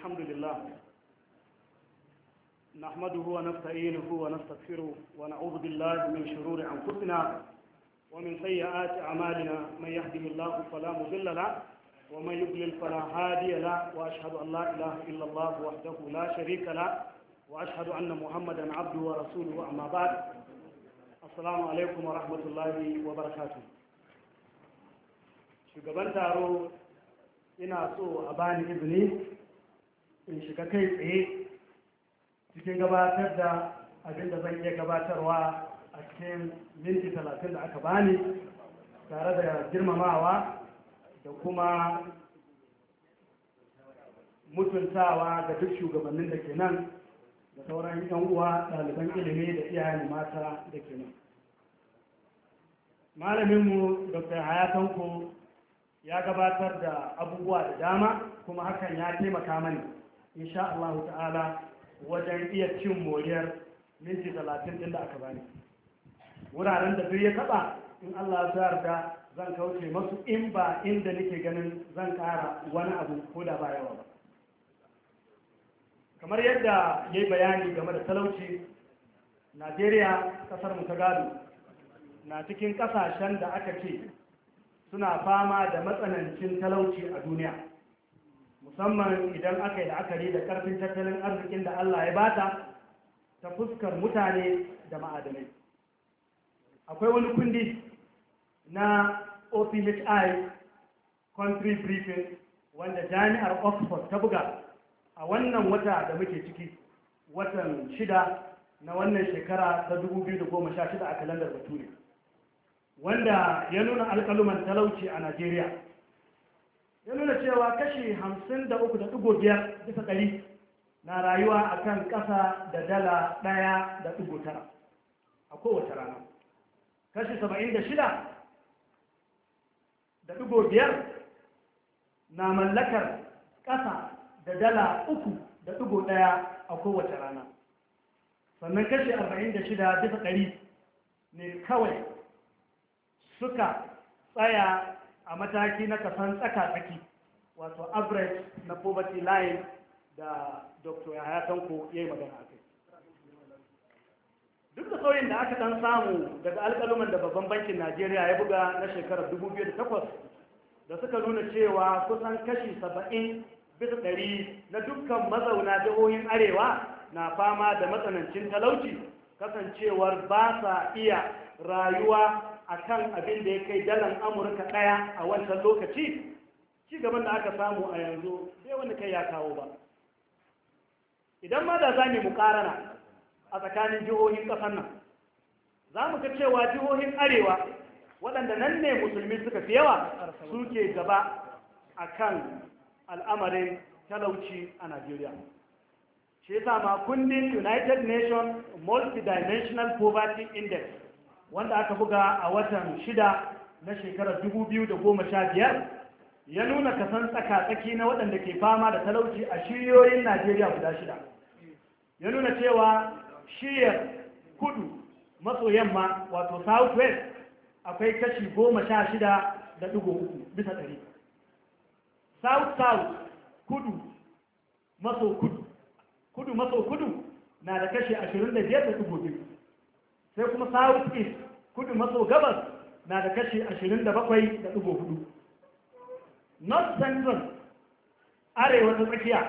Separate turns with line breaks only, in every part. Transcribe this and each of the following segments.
الحمد لله نحمده ونستعينه ونستغفره ونعوذ بالله من شرور أنفسنا ومن سيئات أعمالنا من يهده الله فلا مضل له ومن يضلل فلا هادي له وأشهد أن لا إله إلا الله وحده لا شريك له وأشهد أن محمدا عبده ورسوله أما بعد السلام عليكم ورحمة الله وبركاته شكرا taro ina so a bani izini in shiga kai tsaye cikin gabatar da abin da zan iya gabatarwa a cikin minti talatin da aka bani tare da girmamawa da kuma mutuntawa ga duk shugabannin da ke nan da sauran yan uwa ɗaliban ilimi da iyayen mata da ke nan malaminmu dr hayatanko ya gabatar da abubuwa da dama kuma hakan ya taimaka mani insha Allah ta'ala wajen iya cin moriyar minti talatin ɗin da aka bani wuraren da duk ya taɓa in Allah ya da zan kauce masu in ba inda nake ganin zan kara wani abu ko da ba yawa ba kamar yadda ya yi bayani game da talauci najeriya ƙasar mu ta gado na cikin ƙasashen da aka ce suna fama da matsanancin talauci a duniya musamman idan aka yi da la'akari da karfin tattalin arzikin da Allah ya bata ta fuskar mutane da ma'adanai akwai wani kundi na ophi country briefing wanda jami'ar oxford ta buga a wannan wata da muke ciki watan shida na wannan shekara ta 2016 a kalandar bature wanda ya nuna alkaluman talauci a najeriya ya nuna cewa kashi hamsin da uku da ɗigo biyar bisa ɗari na rayuwa a kan ƙasa da dala ɗaya da ɗigo tara a kowace rana kashi saba'in da shida da ɗigo biyar na mallakar ƙasa da dala uku da ɗigo ɗaya a kowace rana sannan kashi arba'in da shida bisa ɗari ne kawai suka tsaya a mataki na kasan tsaka-tsaki wato average na poverty line da dr yahaya tanko ya yi magana a kai duk da sauyin da aka dan samu daga alƙaluman da babban bankin najeriya ya buga na shekarar 2008 da suka nuna cewa kusan kashi 70 bisa ɗari na dukkan mazauna jihohin arewa na fama da matsanancin talauci kasancewar ba sa iya rayuwa akan abin da ya kai dalan amurka ɗaya a wancan lokaci ci gaban da aka samu a yanzu sai wani kai ya kawo ba idan ma da za mu mukarana a tsakanin jihohin ƙasar nan za mu ga cewa jihohin arewa waɗanda nan ne musulmi suka fi yawa suke gaba a kan al'amarin talauci a najeriya shi yasa ma kundin united nations multidimensional poverty index wanda aka buga a watan shida na shekarar 2015 ya nuna kasan tsaka-tsaki na waɗanda ke fama da talauci a shiyoyin najeriya guda shida ya nuna cewa shiyar kudu maso yamma wato southwest akwai kashi goma sha shida da ɗigo uku bisa ɗari south south kudu maso kudu kudu maso kudu na da kashi ashirin da biyar da ɗigo biyu sai kuma south east kudu maso gabas na da kashi ashirin da bakwai da ɗigo hudu north central arewa ta tsakiya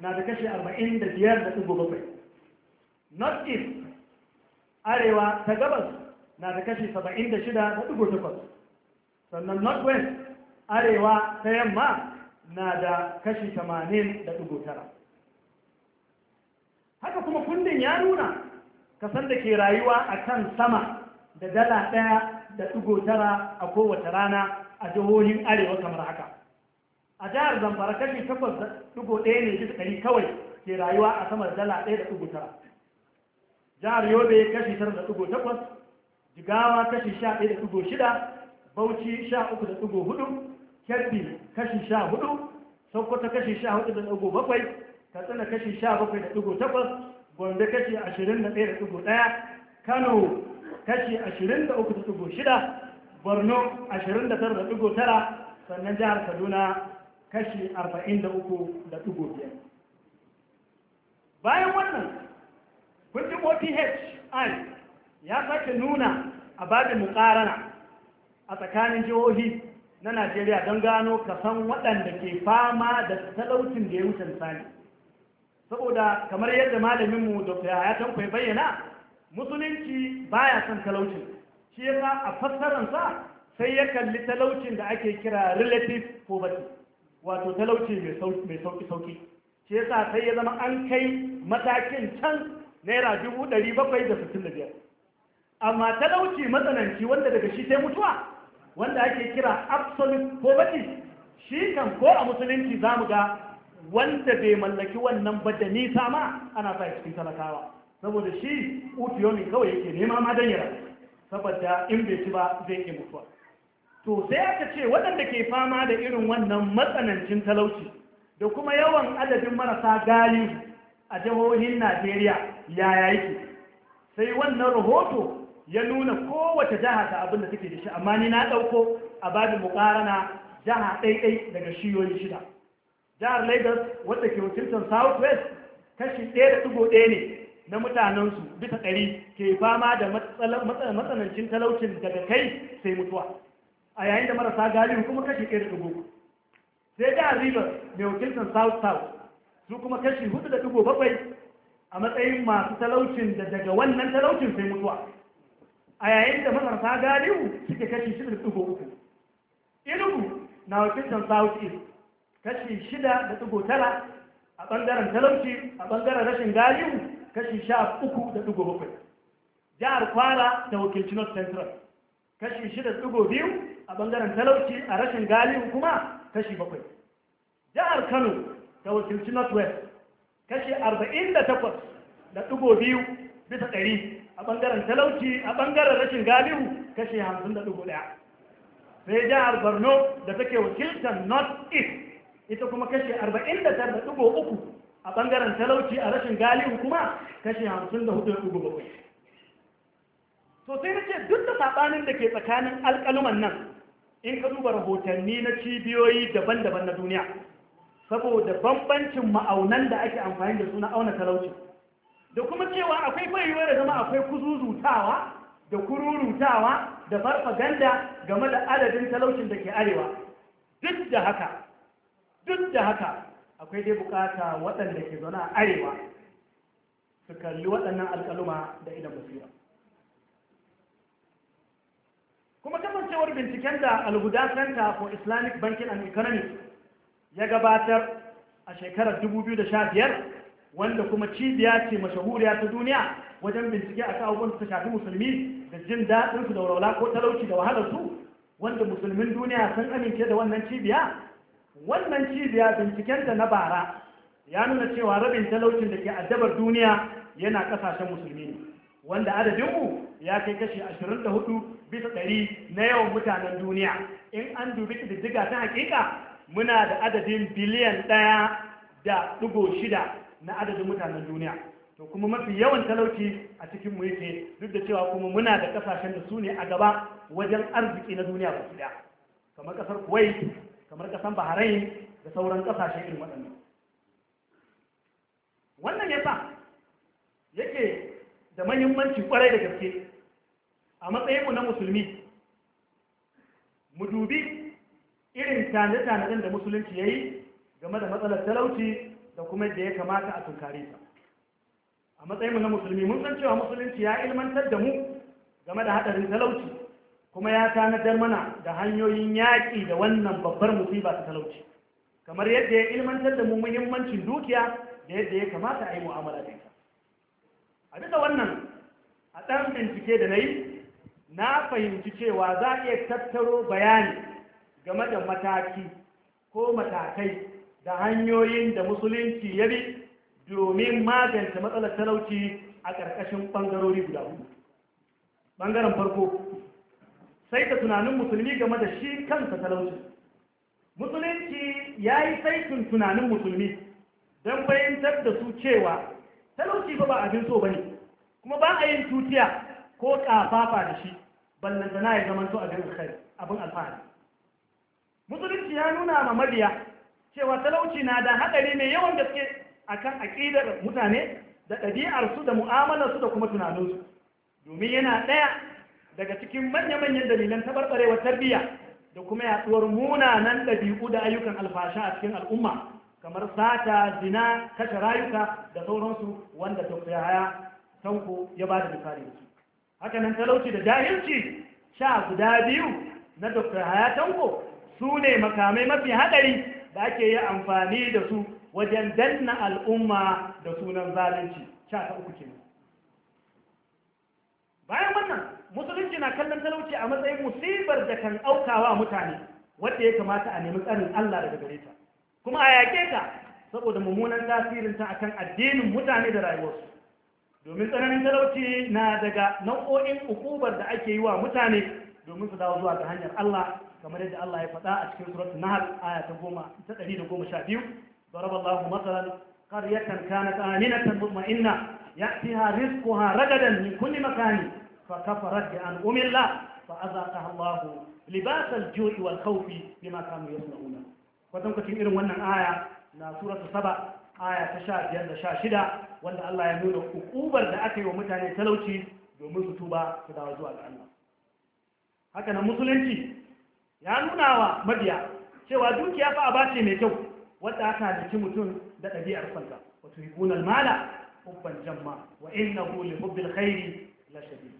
na da kashi 45.7 north east arewa ta gabas na da kashi 76.8 sannan north west arewa ta yamma na da kashi 80.9 haka kuma kundin ya nuna kasan da ke rayuwa a kan sama da dala ɗaya da ɗigo tara a kowace rana a jihohin arewa kamar haka a jihar zamfara kashi takwas da ɗigo ɗaya ne bisa ɗari kawai ke rayuwa a sama dala ɗaya da ɗigo tara jihar yobe kashi tara da ɗigo takwas jigawa kashi sha ɗaya da ɗigo shida bauchi sha uku da ɗigo hudu kebbi kashi sha hudu sokoto kashi sha hudu da ɗigo bakwai katsina kashi sha bakwai da ɗigo takwas gombe kashi ashirin da ɗaya da ɗigo ɗaya kano kashi ashirin da uku da ɗigo shida borno ashirin da tara da ɗigo tara sannan jihar kaduna kashi arba'in 43.5 bayan wannan kundin ophi ya sake nuna a babin mukarana a tsakanin jihohi na najeriya don gano kasan waɗanda ke fama da talaucin da ya wuce misali saboda kamar yadda malaminmu da hayatan kwai bayyana musulunci baya son talaucin shi yasa a fassararsa sai ya kalli talaucin da ake kira relative poverty wato talauci mai sauki-sauki shi yasa sai ya zama an kai matakin can naira dubu ɗari bakwai da sittin biyar amma talauci matsananci wanda daga shi sai mutuwa wanda ake kira absolute poverty shi kan ko a musulunci za mu ga wanda bai mallaki wannan ba da nisa ma ana sa cikin talakawa saboda shi utiyomi kawai yake nema ma saboda in bai ci ba zai iya mutuwa to sai aka ce waɗanda ke fama da irin wannan matsanancin talauci da kuma yawan adadin marasa galihu a jihohin najeriya yaya yake sai wannan rahoto ya nuna kowace jiha da abinda da take da shi amma ni na ɗauko a babin mukarana jiha ɗaiɗai daga shiyoyi shida jihar lagos wadda ke wakiltar south west kashi ɗaya da ɗaya ne na mutanensu bisa ɗari ke fama da matsanancin talaucin daga kai sai mutuwa a yayin da marasa galihu kuma kashi ɗaya da dubu sai da rivers mai wakiltar south south su kuma kashi hudu da dubu bakwai a matsayin masu talaucin da daga wannan talaucin sai mutuwa a yayin da marasa galihu suke kashi shida da dubu uku inugu na wakiltar south east kashi shida da dubu tara a ɓangaren talauci a ɓangaren rashin galihu kashi sha uku da dubu bakwai jihar kwara da wakilci north central kashi shida tsugo biyu a ɓangaren talauci a rashin galihu kuma kashi bakwai jihar kano ta wakilci northwest kashi arba'in da takwas da tsugo biyu bisa ɗari a ɓangaren talauci a ɓangaren rashin galihu kashi hamsin da tsugo ɗaya sai jihar borno da take wakiltar north east ita kuma kashi arba'in da tara da tsugo uku a ɓangaren talauci a rashin galihu kuma kashi hamsin da hudu da tsugo bakwai to sai na ce duk da saɓanin da ke tsakanin alƙaluman nan in ka duba rahotanni na cibiyoyi daban-daban na duniya saboda bambancin ma'aunan da ake amfani da su na auna talauci da kuma cewa akwai bayuwar da zama akwai kuzuzutawa da kururutawa da farfaganda game da adadin talaucin da ke arewa duk da haka duk da haka akwai dai bukata waɗanda ke zaune a arewa su kalli waɗannan alƙaluma da idan basira kuma kasancewar binciken da alhuda center for islamic banking and economy ya gabatar a shekarar 2015 wanda kuma cibiya ce mashahuriya ta duniya wajen bincike a wanda ta shafi musulmi da jin daɗinsu da walwala ko talauci da wahalar su wanda musulmin duniya sun amince da wannan cibiya wannan cibiya binciken da na bara ya nuna cewa rabin talaucin da ke addabar duniya yana ƙasashen musulmi ne wanda adadinmu ya kai kashi 24 bisa ɗari na yawan mutanen duniya in an dubi ƙididdiga ta hakika muna da adadin biliyan ɗaya da ɗigo shida na adadin mutanen duniya to kuma mafi yawan talauci a cikin mu yake duk da cewa kuma muna da kasashen da su ne a gaba wajen arziki na duniya ba ɗaya kamar kasar kuwait kamar kasar bahrain da sauran kasashen irin waɗannan wannan yasa yake da mahimmanci kwarai da gaske a matsayinmu na musulmi mu dubi irin tanadan da musulunci ya yi game da matsalar talauci da kuma da ya kamata a tunkare ta a mu na musulmi mun san cewa musulunci ya ilmantar da mu game da haɗarin talauci kuma ya tanadar mana da hanyoyin yaƙi da wannan babbar musiba ta talauci kamar yadda ya ilmantar da mu muhimmancin dukiya da yadda ya kamata a yi mu'amala da ita a bisa wannan a ɗan bincike da na yi na fahimci cewa za a iya tattaro bayani game da mataki ko matakai da hanyoyin da musulunci ya bi domin magance matsalar talauci a ƙarƙashin ɓangarori guda hudu ɓangaren farko sai ka tunanin musulmi game da shi kansa talauci musulunci ya yi saikin tunanin musulmi don fahimtar da su cewa talauci ba ba abin so ba ne kuma ba a yin tutiya ko ƙafafa da shi na ya zama to abin abin alfahari musulunci ya nuna ma mabiya cewa talauci na da haɗari mai yawan gaske kan aƙidar mutane da ɗabi'arsu da mu'amalarsu da kuma tunaninsu domin yana ɗaya daga cikin manya-manyan dalilan tabarbarewar tarbiyya da kuma yatsuwar munanan ɗabi'u da ayyukan alfasha a cikin al'umma kamar sata zina kashe rayuka da sauransu wanda dr haya tanko ya ba da misali da su haka nan talauci da jahilci sha guda biyu na dr haya tanko su ne makamai mafi haɗari da ake yi amfani da su wajen danna al'umma da sunan zalunci sha ta uku kenan bayan wannan musulunci na kallon talauci a matsayin musibar da kan aukawa mutane wanda ya kamata a nemi tsarin allah daga gare kuma a yake ta saboda mummunan tasirin ta akan addinin mutane da rayuwarsu domin tsananin talauci na daga nau'o'in ukubar da ake yi wa mutane domin su dawo zuwa ga hanyar Allah kamar yadda Allah ya fada a cikin suratul nahl aya ta 112 daraballahu masalan qaryatan kanat aminatan mutma'inna ya'tiha rizquha ragadan min kulli makani fa kafarat bi an umilla fa azaqaha libasar libas kaufi, jui wal khawfi bima kanu yasna'una kwatankwacin irin wannan aya na suratu saba aya ta sha biyar da sha shida wanda Allah ya nuna hukubar da aka yi wa mutane talauci domin su tuba su dawo zuwa ga Allah haka musulunci ya nuna wa mabiya cewa dukiya fa a ce mai kyau wadda aka halici mutum da ɗabi'ar santa wato yikunan mala uban jamma wa innahu li hubbil khairi la shadid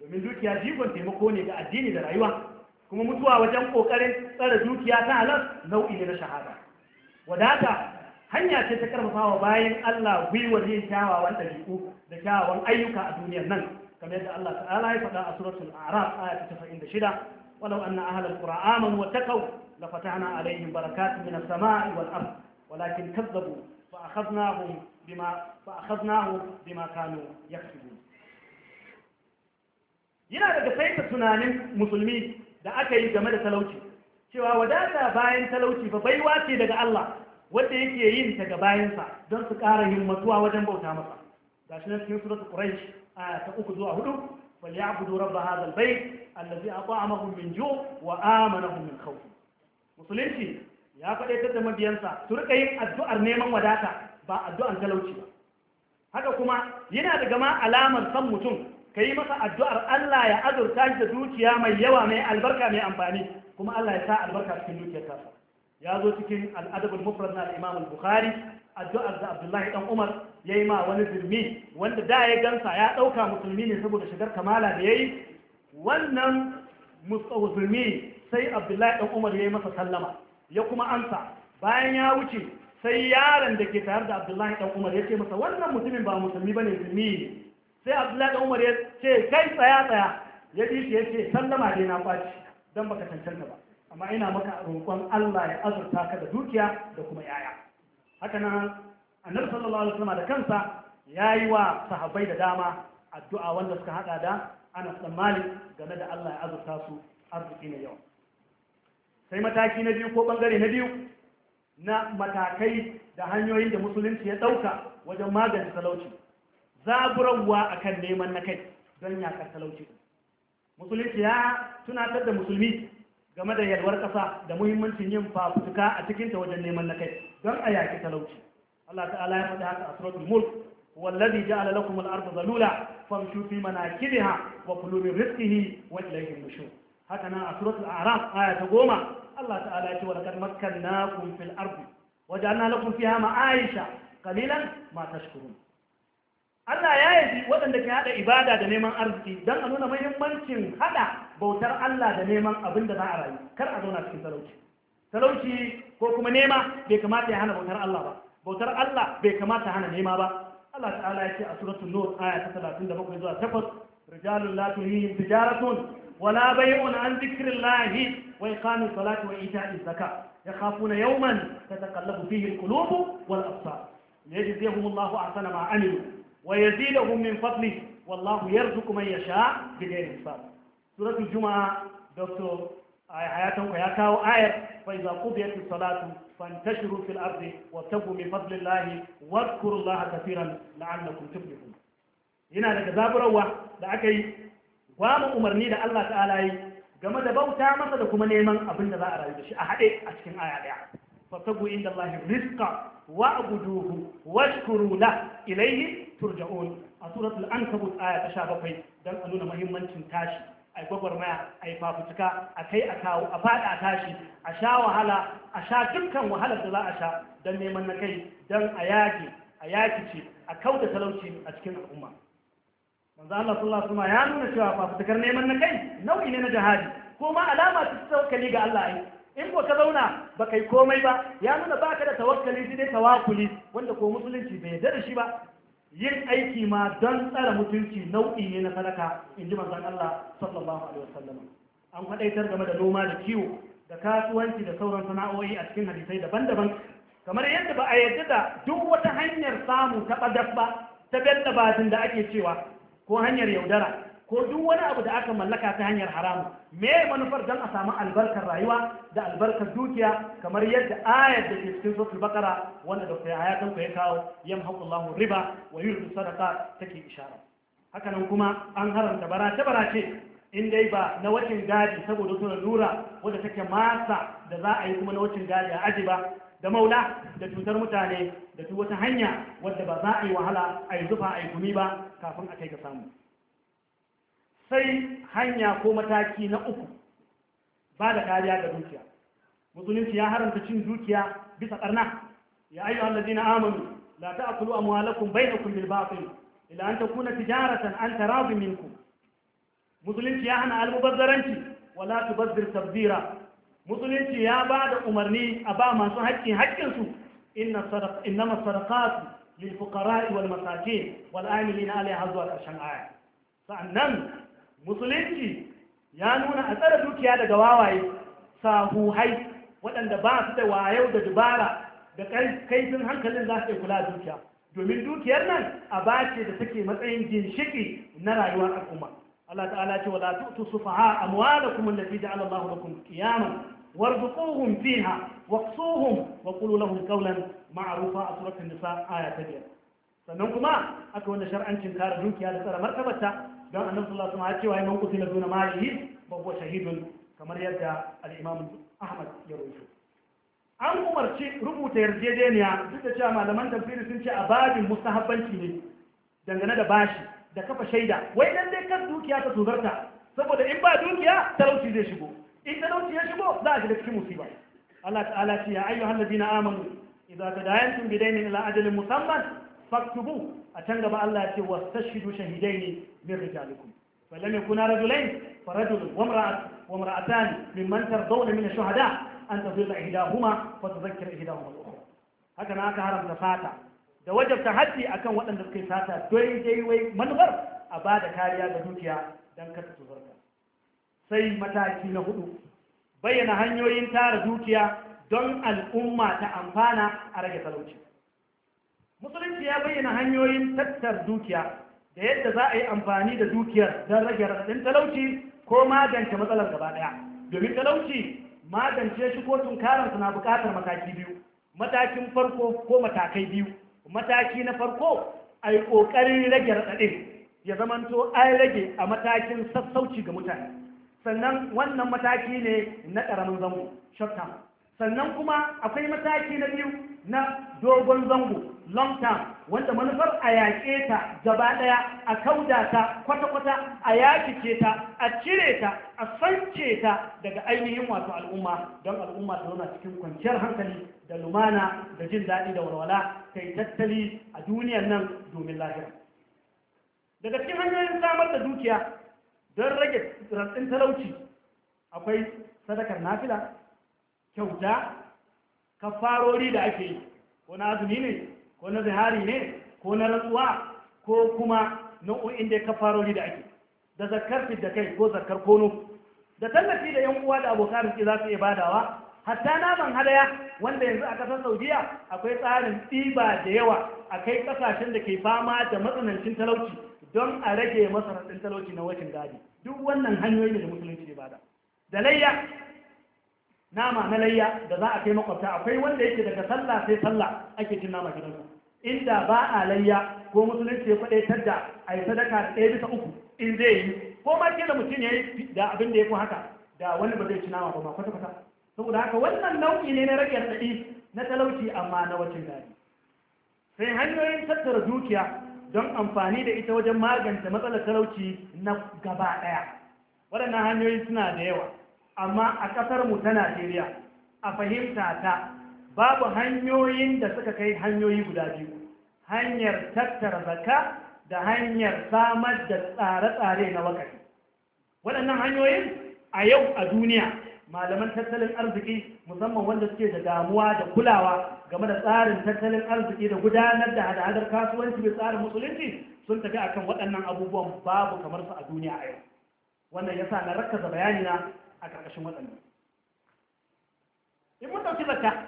domin dukiya jigon taimako ne ga addini da rayuwa kuma mutuwa wajen kokarin tsara dukiya ta halar nau'i ne na shahada wadata hanya ce ta karfafawa bayan Allah gwiwar yin kyawawan ɗabi'u da kyawawan ayyuka a duniyar nan kamar yadda Allah ta'ala ya faɗa a suratul a'raf aya ta 96 walau anna ahlal qura amanu wattaqaw lafatahna alaihim barakatun minas sama'i wal ard walakin kazzabu fa akhadnahum bima fa akhadnahum bima kanu yana daga faita tunanin musulmi da aka yi game da talauci cewa wadata bayan talauci fa baiwa ce daga Allah wanda yake yin ta ga bayansa don su ƙara himmatuwa wajen bauta masa gashi na cikin suratul quraish aya ta uku zuwa hudu falyabudu rabb hadha albayt allazi at'amahum min ju' wa amanahum min khawf musulunci ya faɗaitar da mabiyansa su rika yin addu'ar neman wadata ba addu'ar talauci ba haka kuma yana daga ma alamar san mutum ka yi masa addu'ar Allah ya azurta shi da dukiya mai yawa mai albarka mai amfani kuma Allah ya sa albarka cikin dukiyarsa ya zo cikin al'adar mufrad na al bukhari addu'ar da Abdullahi dan Umar yayi ma wani zirmi wanda da ya gansa ya ɗauka musulmi ne saboda shigar kamala da yayi wannan mustawzirmi sai Abdullahi dan Umar yi masa sallama ya kuma amsa bayan ya wuce sai yaron da ke tare da Abdullahi dan Umar ya ce masa wannan mutumin ba musulmi bane zirmi ne sai abdullahi da umar ya ce kai tsaya tsaya ya ji shi ya ce sallama dai na kwaci don baka cancanta ba amma ina maka roƙon Allah ya azurta ka da dukiya da kuma yaya haka nan annabi sallallahu alaihi wasallam da kansa ya yi wa sahabai da dama addu'a wanda suka hada da ana tsammali game da Allah ya azurta su arziki na yau sai mataki na biyu ko bangare na biyu na matakai da hanyoyin da musulunci ya ɗauka wajen magance talauci zaburarwa akan neman na kai don ya talauci musulunci ya tunatar da musulmi game da yalwar ƙasa da muhimmancin yin fafutuka a cikinta wajen neman na kai don a yaki talauci Allah ta'ala ya faɗi haka a suratul mulk wallazi ja'ala lakum al-ardha zalula famshu fi manakibiha wa kulu min rizqihi wa ilayhi an-nushur haka nan a suratul a'raf aya ta goma Allah ta'ala ya ce wa laqad makkannakum fil ardi waja'alna lakum fiha ma'aisha qalilan ma tashkurun Allah ya yabi waɗanda ke haɗa ibada da neman arziki don a nuna muhimmancin haɗa bautar Allah da neman abin da za a rayu kar a zauna cikin talauci talauci ko kuma nema bai kamata ya hana bautar Allah ba bautar Allah bai kamata hana nema ba Allah ta'ala ya ce a suratul nur aya ta 37 zuwa 8 rijalun la tuhihim tijaratun wala bay'un an dhikrillahi wa iqamis salati wa ita'iz zakat يخافون يوما تتقلب فيه القلوب والأبصار ليجزيهم الله أحسن ma عملوا ويزيدهم من فضله والله يرزق من يشاء بغير حساب سورة الجمعة دكتور حياتهم ويكاو آية فإذا قضيت الصلاة فانتشروا في الأرض وابتغوا من فضل الله واذكروا الله كثيرا لعلكم تفلحون هنا لك زابرة da aka yi gwamin umarni da Allah ta'ala yi game da bauta masa da kuma neman abin da za a rayu da shi a haɗe a cikin aya ɗaya fasagu inda Allah rizqa wa abuduhu washkuru la ilayhi turja'un a suratul ankabut aya ta 17 dan a nuna mahimmancin tashi a gwagwarmaya a yi fafutuka a kai a kawo a tashi a sha wahala a sha dukkan wahalar da za a sha don neman na kai don a yaƙi a yaƙi ce a kauda talauci a cikin al'umma manzo Allah sallallahu alaihi ya nuna cewa fafutukar neman na kai nau'i ne na jihadi ko ma alama ta tawakkali ga Allah ai in ko ka zauna ba kai komai ba ya nuna baka da tawakkali sai dai tawakkuli wanda ko musulunci bai yarda da shi ba yin aiki ma don tsara mutunci nau'i ne na sadaka in ji manzan Allah sallallahu alaihi wasallam an kwadaitar game da noma da kiwo da kasuwanci da sauran sana'o'i a cikin hadisai daban-daban kamar yadda ba a yadda da duk wata hanyar samu ta ɓadar ba ta da ake cewa ko hanyar yaudara ko duk wani abu da aka mallaka ta hanyar haramu me manufar don a samu albarkar rayuwa da albarkar dukiya kamar yadda ayar da ke cikin suratul bakara wanda da ku hayatan ku ya kawo yamhaqu Allahu riba wa yurdu sadaqa take ishara haka nan kuma an haramta barace barace in dai ba na wacin gadi saboda suna lura wadda take masa da za a yi kuma na wacin gadi a aji ba da maula da cutar mutane da duk wata hanya wadda ba za a yi wahala a yi zufa a yi gumi ba kafin a kai ka samu sai hanya ko mataki na uku ba da kariya ga dukiya musulunci ya haramta cin dukiya bisa ƙarna ya ayyu na amanu la ta'kulu amwalakum bainakum bil batil ila an takuna tijaratan an tarabi minkum musulunci ya hana almubazzaranci wala tubazzir tabzira musulunci ya ba da umarni a ba masu haƙƙin haƙƙinsu innama sadaqatu lil fuqara'i wal masakin wal amilina alaiha zuwa ƙarshen aya sa'annan musulunci ya nuna a tsara dukiya daga wawaye sahuhai waɗanda ba su da wayau da dubara da kaifin hankalin za su kula dukiya domin dukiyar nan a bace da take matsayin ginshiki na rayuwar al'umma Allah ta'ala ce wala tu'tu sufaha amwalakum allati ja'ala allah lakum qiyaman وارزقوهم فيها واقصوهم وقولوا a قولا معروفا سوره النساء ايه 9 sannan kuma aka wanda shar'ancin kare dukiya da tsara martabarta don annabi sallallahu alaihi wasallam ya ce wa man qutila duna ma'ihi fa huwa shahidun kamar yadda alimam Ahmad ya rubuta an umarci rubuta yarjejeniya duk da cewa malaman tafsiri sun ce a babin mustahabbanci ne dangane da bashi da kafa shaida wai dan dai kan dukiya ta tuzarta saboda in ba dukiya talauci zai shigo in talauci ya shigo za a shiga cikin musiba Allah ta'ala ce ya ayyuhal ladina amanu idza tadayantum bidaynin ila ajalin musamman faktubu a can gaba Allah ya ce shahidai ne. من رجالكم فلم يكونا رجلين فرجل وامرأة وامرأتان ممن ترضون من الشهداء أن تضل إحداهما فتذكر إحداهما الأخرى هكذا هكذا هرم نفاتا da wajabta haddi akan waɗanda suka yi sata don wai manufar a ba da kariya ga dukiya don kasa su zarta sai mataki na hudu bayyana hanyoyin tara dukiya don al'umma ta amfana a rage talauci musulunci ya bayyana hanyoyin tattar dukiya da yadda za a yi amfani da dukiyar don rage raɗaɗin talauci ko magance matsalar gaba ɗaya domin talauci magance shi ko tunkaransa na buƙatar mataki biyu matakin farko ko matakai biyu mataki na farko a yi ƙoƙarin rage raɗaɗin ya zamanto an rage a matakin sassauci ga mutane sannan wannan mataki ne na ƙaramin zango short sannan kuma akwai mataki na biyu na dogon zango long term wanda manufar a yaƙe ta gaba ɗaya a kauda ta kwata-kwata a yaƙice ta a cire ta a sance ta daga ainihin wato al'umma don al'umma ta zauna cikin kwanciyar hankali da lumana da jin daɗi da walwala ta yi tattali a duniyar nan domin lahira daga cikin hanyoyin samar da dukiya don rage rantsin talauci akwai sadakar nafila kyauta kafarori da ake yi wani azumi ne ko na zahari ne ko na rantsuwa ko kuma nau'o'in da ya kafaroli da ake da zakar da kai ko zakar kono da tallafi da yan uwa da abokan arziki za su iya badawa hatta naman hadaya wanda yanzu a ƙasar saudiya akwai tsarin ɗiba da yawa a kai ƙasashen da ke fama da matsanancin talauci don a rage masa talauci na wajen gadi duk wannan hanyoyi da musulunci ke bada da layya nama na layya da za a kai makwabta akwai wanda yake daga sallah sai sallah ake cin nama sa inda ba a layya ko musulunci ya faɗe tadda a yi sadaka da ɗaya bisa uku in zai yi ko ma ke da mutum ya yi da abin da ya fi haka da wani ba zai ci nama ba ma kwata kwata saboda haka wannan nau'i ne na rage raɗaɗi na talauci amma na wacin daɗi. sai hanyoyin tattara dukiya don amfani da ita wajen magance matsalar talauci na gaba ɗaya waɗannan hanyoyi suna da yawa amma a ƙasarmu mu ta Najeriya a fahimta ta babu hanyoyin da suka kai hanyoyi guda biyu hanyar tattara zaka da hanyar samar da tsare-tsare na wakati. waɗannan hanyoyin a yau a duniya malaman tattalin arziki musamman wanda suke da damuwa da kulawa game da tsarin tattalin arziki da gudanar da hada-hadar kasuwanci mai tsarin musulunci sun tafi akan waɗannan abubuwan babu kamar su a duniya a yau wannan yasa sa na rakka bayanina a ƙarƙashin waɗannan in mun ɗauki zakka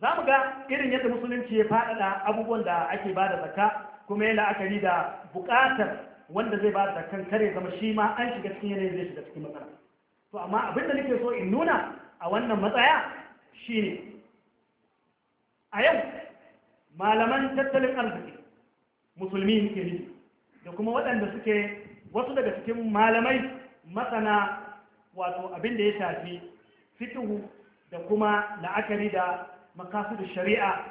za mu ga irin yadda musulunci ya faɗaɗa abubuwan da ake ba da zakka kuma ya la'akari da buƙatar wanda zai ba da zakkan kare zama shi ma an shiga cikin yanayin zai shiga cikin matsala to amma abin da nake so in nuna a wannan matsaya shine a yau malaman tattalin arziki musulmi ke da kuma waɗanda suke wasu daga cikin malamai masana wato abin da ya shafi fituhu da kuma la'akari da da shari'a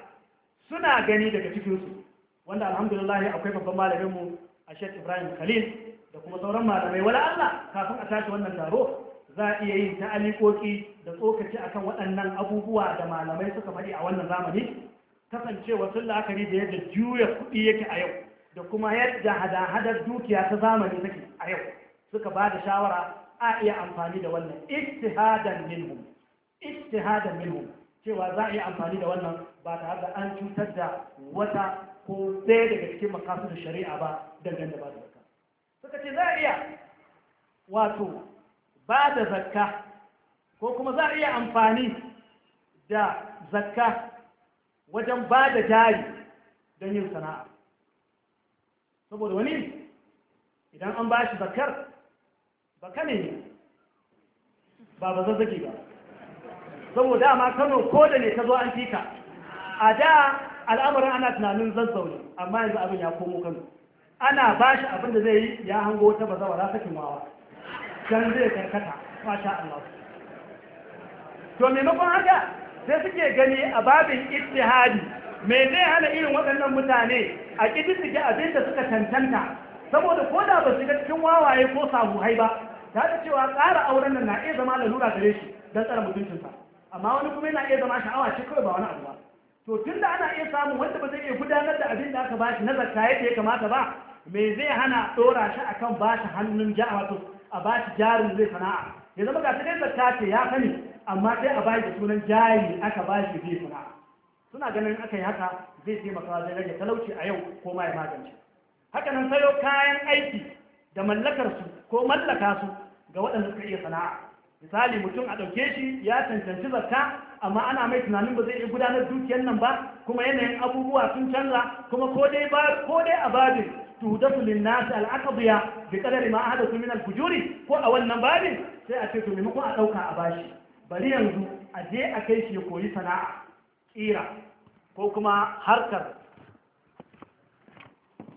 suna gani daga cikinsu wanda alhamdulillah akwai babban malaminmu a shek ibrahim khalil da kuma sauran malamai wala allah kafin a tashi wannan taro za a iya yin ta'alikoki da tsokaci akan waɗannan abubuwa da malamai suka faɗi a wannan zamani kasancewa sun la'akari da yadda juya kuɗi yake a yau da kuma yadda hada-hadar dukiya ta zamani take a yau suka ba da shawara a iya amfani da wannan ijtihadan minhum ijtihadan minhum cewa za a iya amfani da wannan ba tare da an cutar da wata ko ɗaya daga cikin makasudin shari'a ba dangane da ba da zakka suka ce za a iya wato ba da zakka ko kuma za a iya amfani da zakka wajen ba da jari don yin sana'a saboda wani idan an ba shi zakkar ba kane ne ba ba zazzage ba saboda ma kano ko da ne ta zo an fika a da al'amarin ana tunanin zan ne amma yanzu abin ya komo kano ana ba shi abin da zai yi ya hango wata ba zawara ta kimawa don zai karkata masha Allah to maimakon haka sai suke gani a babin ittihadi me zai hana irin waɗannan mutane a ƙididdige abin da suka tantanta saboda ko da ba su ga cikin wawaye ko hai ba ta cewa tsara auren nan na iya zama lalura gare shi don tsara mutuncinsa amma wani kuma yana iya zama sha'awa ce kawai ba wani abu ba to tun da ana iya samun wanda ba zai iya gudanar da abin da aka ba shi na zakka yadda ya kamata ba me zai hana ɗora shi akan ba shi hannun ja'a wato a ba shi jarin zai sana'a ya zama ga dai zakka ce ya sani amma sai a ba shi sunan jari aka ba shi zai sana'a suna ganin aka yi haka zai taimaka zai rage talauci a yau ko ma ya magance haka nan sayo kayan aiki da mallakar su ko mallaka su ga waɗanda suka iya sana'a misali mutum a ɗauke shi ya cancanci zakka amma ana mai tunanin ba zai iya gudanar dukiyan nan ba kuma yanayin abubuwa sun canza kuma ko dai ko dai a babin tudafu linnasi al'aqdiya bi qadari ma ahadathu min al-fujuri ko a wannan babin sai a ce to maimakon a ɗauka a bashi bari yanzu a je a kai shi ya koyi sana'a ƙira ko kuma harkar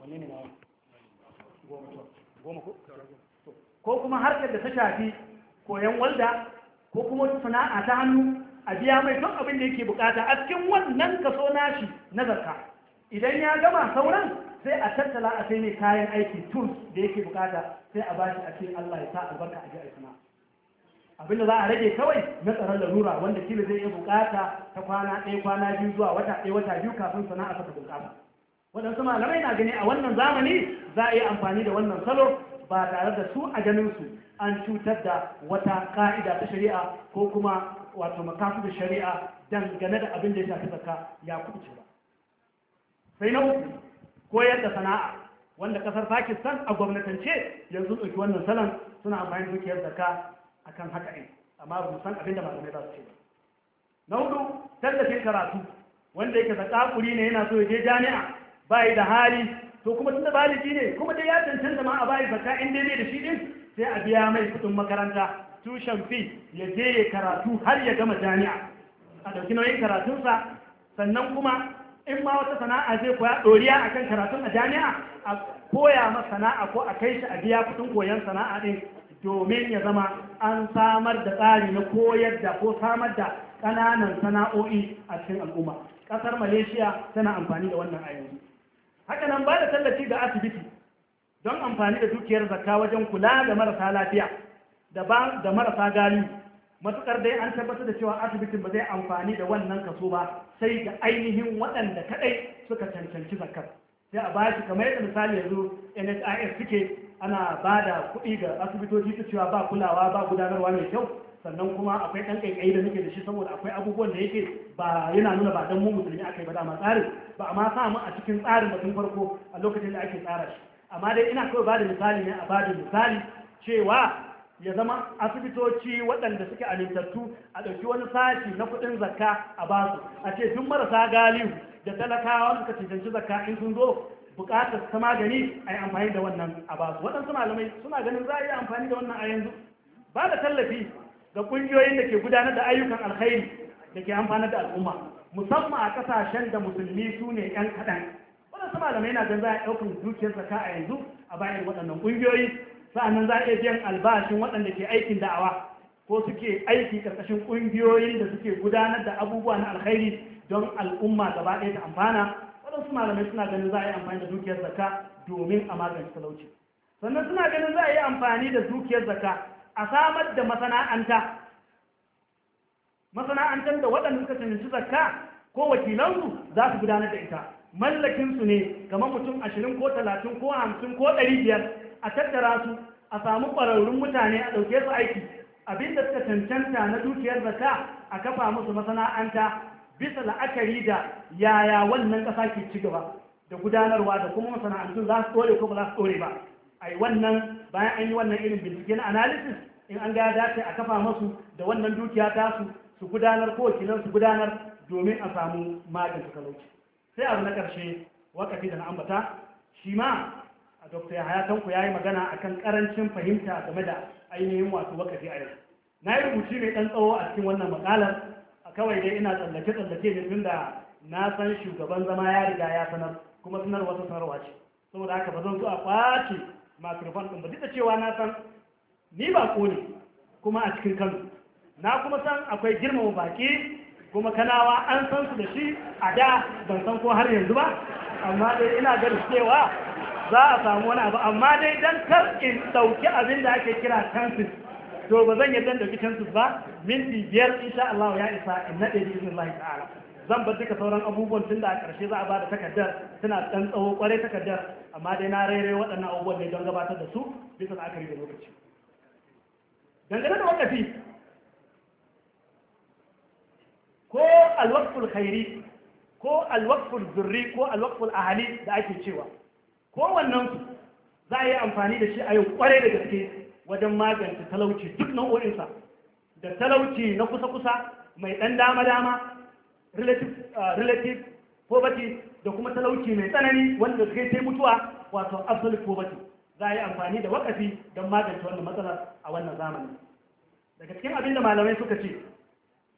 wani ne goma ko ko kuma harkar da ta shafi koyon walda ko kuma sana'a ta hannu a biya mai son abin da yake bukata a cikin wannan kaso nashi na zakka idan ya gama sauran sai a tattala a sai mai kayan aiki tools da yake bukata sai a bashi a cikin Allah ya sa albarka a ji a abin da za a rage kawai na tsaron larura wanda kila zai iya bukata ta kwana ɗaya kwana biyu zuwa wata ɗaya wata biyu kafin sana'a ta bukata waɗansu malamai na gani a wannan zamani za a yi amfani da wannan salo ba tare da su a ganin su an cutar da wata ka'ida ta shari'a ko kuma wato makasu da shari'a dangane da abin da ya shafi tsaka ya kuce ba sai na uku koyar da sana'a wanda kasar pakistan a gwamnatance yanzu ɗauki wannan salon suna amfani dukiyar a kan haka ne amma ba san abin da malamai za su ce ba na hudu tallafin karatu wanda yake da ƙaƙuri ne yana so ya je jami'a yi da hali to kuma tunda baliki ne kuma dai ya cancanta ma a bayi zakka in dai da shi din sai a biya mai kudin makaranta tushen fi ya je ya karatu har ya gama jami'a a dauki nauyin karatunsa sannan kuma in ma wata sana'a zai koya doriya akan karatun a jami'a a koya masa sana'a ko a kai shi a biya kudin koyon sana'a din domin ya zama an samar da tsari na koyar da ko samar da ƙananan sana'o'i a cikin al'umma ƙasar malaysia tana amfani da wannan a yanzu haka nan ba da tallafi ga asibiti don amfani da dukiyar zakka wajen kula da marasa lafiya da marasa gani matukar dai an tabbatar da cewa asibitin ba zai amfani da wannan kaso ba sai ga ainihin waɗanda kaɗai suka cancanci zakkar sai a bashi kamar yadda misali yanzu nhis suke ana ba da kuɗi ga asibitoci su cewa ba kulawa ba gudanarwa mai kyau sannan kuma akwai ɗan ƙaiƙayi da nake da shi saboda akwai abubuwan da yake ba yana nuna ba don mu musulmi aka yi ba dama tsarin ba amma sa mu a cikin tsarin batun farko a lokacin da ake tsara shi amma dai ina kawai ba da misali ne a bada misali cewa ya zama asibitoci waɗanda suke amintattu a ɗauki wani sashi na kuɗin zakka a basu a ce duk marasa galihu da talakawa suka cancanci zakka in sun zo buƙatar ta magani a yi amfani da wannan a basu waɗansu malamai suna ganin za a yi amfani da wannan a yanzu ba da tallafi ga ƙungiyoyin da ke gudanar da ayyukan alkhairi da ke amfanar da al'umma musamman a ƙasashen da musulmi su ne 'yan kaɗan waɗansu malamai na gan za a ɗaukar dukiyar zaka a yanzu a bayan waɗannan ƙungiyoyi sa'annan za a iya biyan albashin waɗanda ke aikin da'awa ko suke aiki ƙarƙashin ƙungiyoyin da suke gudanar da abubuwa na alkhairi don al'umma gaba ɗaya ta amfana waɗansu malamai suna ganin za a yi amfani da dukiyar zakka domin a magance talauci sannan suna ganin za a yi amfani da dukiyar zakka a samar da masana'anta masana'antar da waɗanda suka cancanci zakka ko wakilansu za su gudanar da ita mallakinsu ne kamar mutum ashirin ko talatin ko hamsin ko ɗari biyar a tattara su a samu ƙwararrun mutane a ɗauke su aiki abinda suka cancanta na dukiyar zakka a kafa musu masana'anta bisa la'akari da yaya wannan ƙasa ke ci gaba da gudanarwa da kuma masana'antun za su ɗore ko ba za su ɗore ba ai wannan bayan an yi wannan irin bincike na analysis in an ga dace a kafa masu da wannan dukiya ta su su gudanar ko kinan su gudanar domin a samu magani talauci sai abu na karshe wakafi da na ambata shi ma a dr hayatan ku ya yi magana akan karancin fahimta game da ainihin wato wakafi a yanzu na yi rubuci mai ɗan tsawo a cikin wannan makalar a kawai dai ina tsallake-tsallake ne tunda na san shugaban zama ya riga ya sanar kuma sanar wasu sanarwa ce saboda haka ba zan so a ƙwace microphone ɗin ba duk da cewa na san ni ba ne kuma a cikin kano na kuma san akwai girmama baki kuma kanawa an san su da shi a da ban san ko har yanzu ba amma dai ina ganin cewa za a samu wani abu amma dai dan kar in ɗauki abin da ake kira chances to ba zan yadda ɗauki chances ba minti biyar insha Allah ya isa in naɗe bi izinin Allah ta'ala zan bar duka sauran abubuwan tun da a ƙarshe za a ba da takardar suna ɗan tsawo ƙwarai takardar amma dai na rere waɗannan abubuwan ne don gabatar da su bisa la'akari da lokaci dangane da wakafi ko alwakful khairi ko alwakful zurri ko alwakful ahali da ake cewa wannan su za a yi amfani da shi a yau ƙwarai da gaske wajen magance talauci duk nau'o'insa da talauci na kusa-kusa mai ɗan dama-dama Uh, relative poverty da kuma talauci mai tsanani wanda suka sai mutuwa wato absolute poverty za a yi amfani da wakafi don magance wannan matsalar a wannan zamani daga cikin abin da malamai suka ce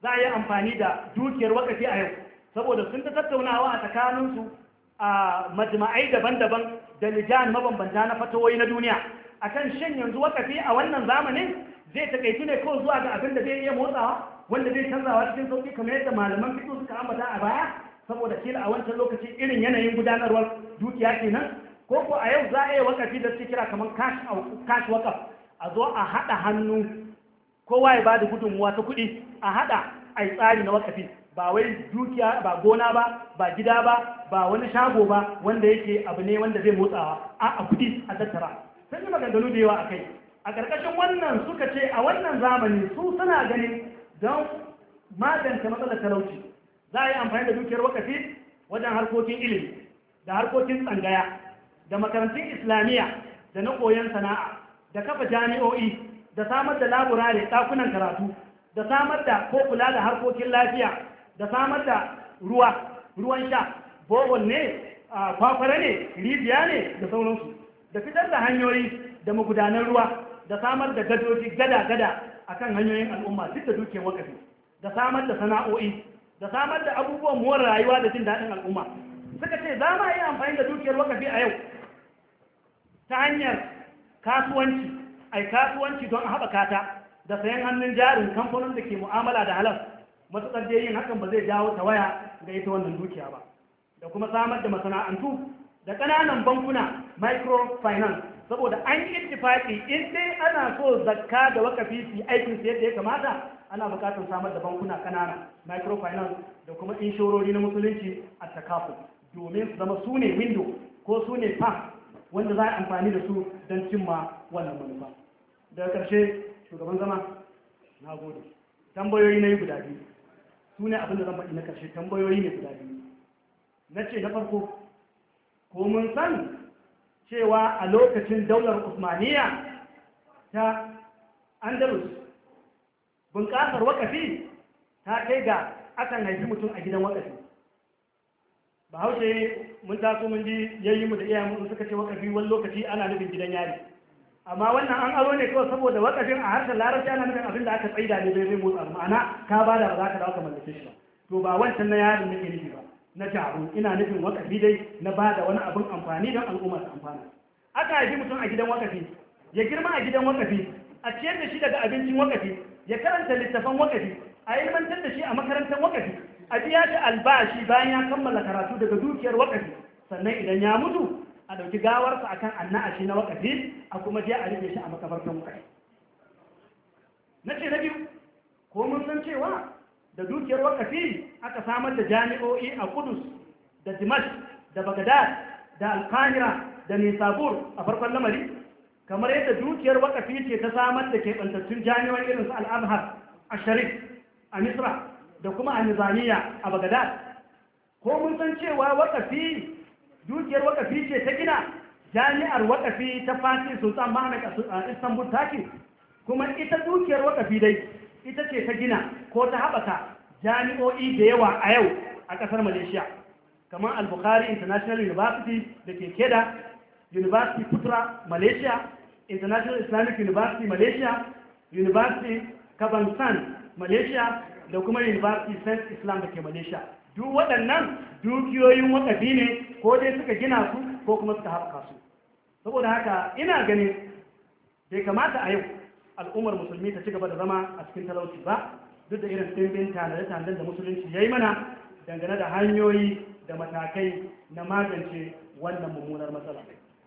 za a yi amfani da dukiyar wakafi a yau saboda sun ta tattaunawa a tsakaninsu a majma'ai daban-daban da lijan mabambanta na fatawoyi na duniya akan shin yanzu wakafi a wannan zamanin zai takaitu ne ko zuwa ga abin da zai iya motsawa wanda zai canzawa cikin sauƙi kamar yadda malaman fito suka ambata a baya saboda kila a wancan lokaci irin yanayin gudanarwar dukiya kenan ko ko a yau za a yi wakafi da suke kira kamar cash wakaf a zo a haɗa hannu kowa ya bada gudunmuwa ta kuɗi a haɗa a yi tsari na wakafi ba wai dukiya ba gona ba ba gida ba ba wani shago ba wanda yake abu ne wanda zai motsawa a a kuɗi a tattara sun yi maganganu da yawa a kai a ƙarƙashin wannan suka ce a wannan zamani su suna ganin don magance matsalar talauci za a yi amfani da dukiyar wakafi wajen harkokin ilimi da harkokin tsangaya da makarantun islamiyya da na koyon sana'a da kafa jami'o'i da samar da laburare ɗakunan karatu da samar da ko kula da harkokin lafiya da samar da ruwa ruwan sha bohol ne kwakwara ne rijiya ne da sauransu da fitar da hanyoyi da magudanar ruwa da samar da gadoji gada-gada a kan hanyoyin al'umma duk da dukiyar wakafi da samar da sana'o'i da samar da abubuwan muwar rayuwa da jin daɗin al'umma suka ce za ma yi amfani da dukiyar wakafi a yau ta hanyar kasuwanci ai kasuwanci don a haɓaka ta da sayan hannun jarin kamfanin da ke mu'amala da halar matuƙar dai yin hakan ba zai jawo ta waya ga ita wannan dukiya ba da kuma samar da masana'antu da ƙananan bankuna microfinance saboda an yi ittifaki in dai ana so zakka da wakafi su aikin su yadda ya kamata ana bukatar samar da bankuna kanana microfinance da kuma inshorori na musulunci a takafu domin su zama su ne window ko su ne pam wanda za a amfani da su don cimma wannan manufa daga karshe shugaban zama na gode tambayoyi na yi guda biyu su ne abin da zan faɗi na karshe tambayoyi ne guda biyu na ce na farko ko mun san cewa a lokacin daular usmaniya ta andalus bunƙasar wakafi ta kai ga akan haifi mutum a gidan wakafi ba haushe mun taso mun ji yayi mu da iyayen suka ce wakafi wani lokaci ana nufin gidan yari amma wannan an aro ne kawai saboda wakafin a harshen larabci ana nufin abin da aka tsaida ne bai zai motsa ma'ana ka bada ba za ka dawo ka mallake shi to ba wancan na yarin nake nufi ba na jaru ina nufin wakafi dai na ba da wani abin amfani don al'ummar su amfana aka haifi mutum a gidan wakafi ya girma a gidan wakafi a ciyar da shi daga abincin wakafi ya karanta littafan wakafi a ilmantar da shi a makarantar wakafi a biya shi albashi bayan ya kammala karatu daga dukiyar wakafi sannan idan ya mutu a ɗauki gawarsa akan anna'ashi na wakafi a kuma je a rike shi a makabartar wakafi na ce na biyu ko mun san cewa da dukiyar wakafi aka samar da jami'o'i a kudus da dimash da Bagadar da alkahira da nisabur a farkon lamari kamar yadda dukiyar wakafi ce ta samar da keɓantattun jami'o'i su al'adhar a sharif a misra da kuma a nizamiya a Bagadar. ko mun san cewa wakafi dukiyar wakafi ce ta gina jami'ar wakafi ta fasi sultan mahamed a istanbul taki kuma ita dukiyar wakafi dai ita ce ta gina ko ta haɓaka jami'o'i da yawa a yau a ƙasar malaysia kamar al-bukhari international university da ke keda university putra malaysia international islamic university malaysia university kabansan malaysia da kuma university saint islam da ke malaysia duk waɗannan dukiyoyin wakafi ne ko dai suka gina su ko kuma suka haɓaka su saboda haka ina ganin bai kamata a yau al'ummar musulmi ta ci da zama a cikin talauci ba duk da irin ɗimbin tanade-tanaden da musulunci ya yi mana dangane da hanyoyi da matakai na magance wannan mummunar matsala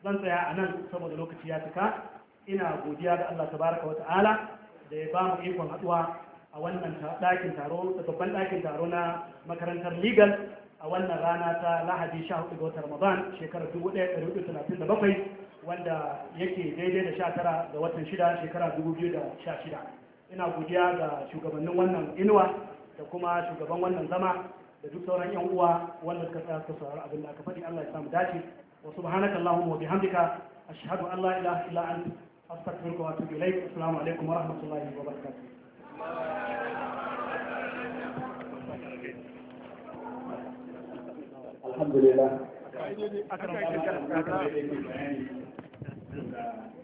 zan tsaya a nan saboda lokaci ya cika ina godiya ga Allah tabaraka wa ta'ala da ya ba mu ikon haɗuwa a wannan ɗakin taro da babban ɗakin taro na makarantar legal a wannan rana ta lahadi 14 ga watan ramadan shekarar bakwai. wanda yake daidai da 19 ga watan 6 shekara 2016 ina godiya ga shugabannin wannan inuwa da kuma shugaban wannan zama da duk sauran yan uwa wanda suka tsaya suka abin da aka faɗi Allah ya samu dace wa subhanaka allahumma wa bihamdika ashhadu an la ilaha illa anta astaghfiruka wa atubu ilaik assalamu alaikum wa rahmatullahi wa barakatuh alhamdulillah da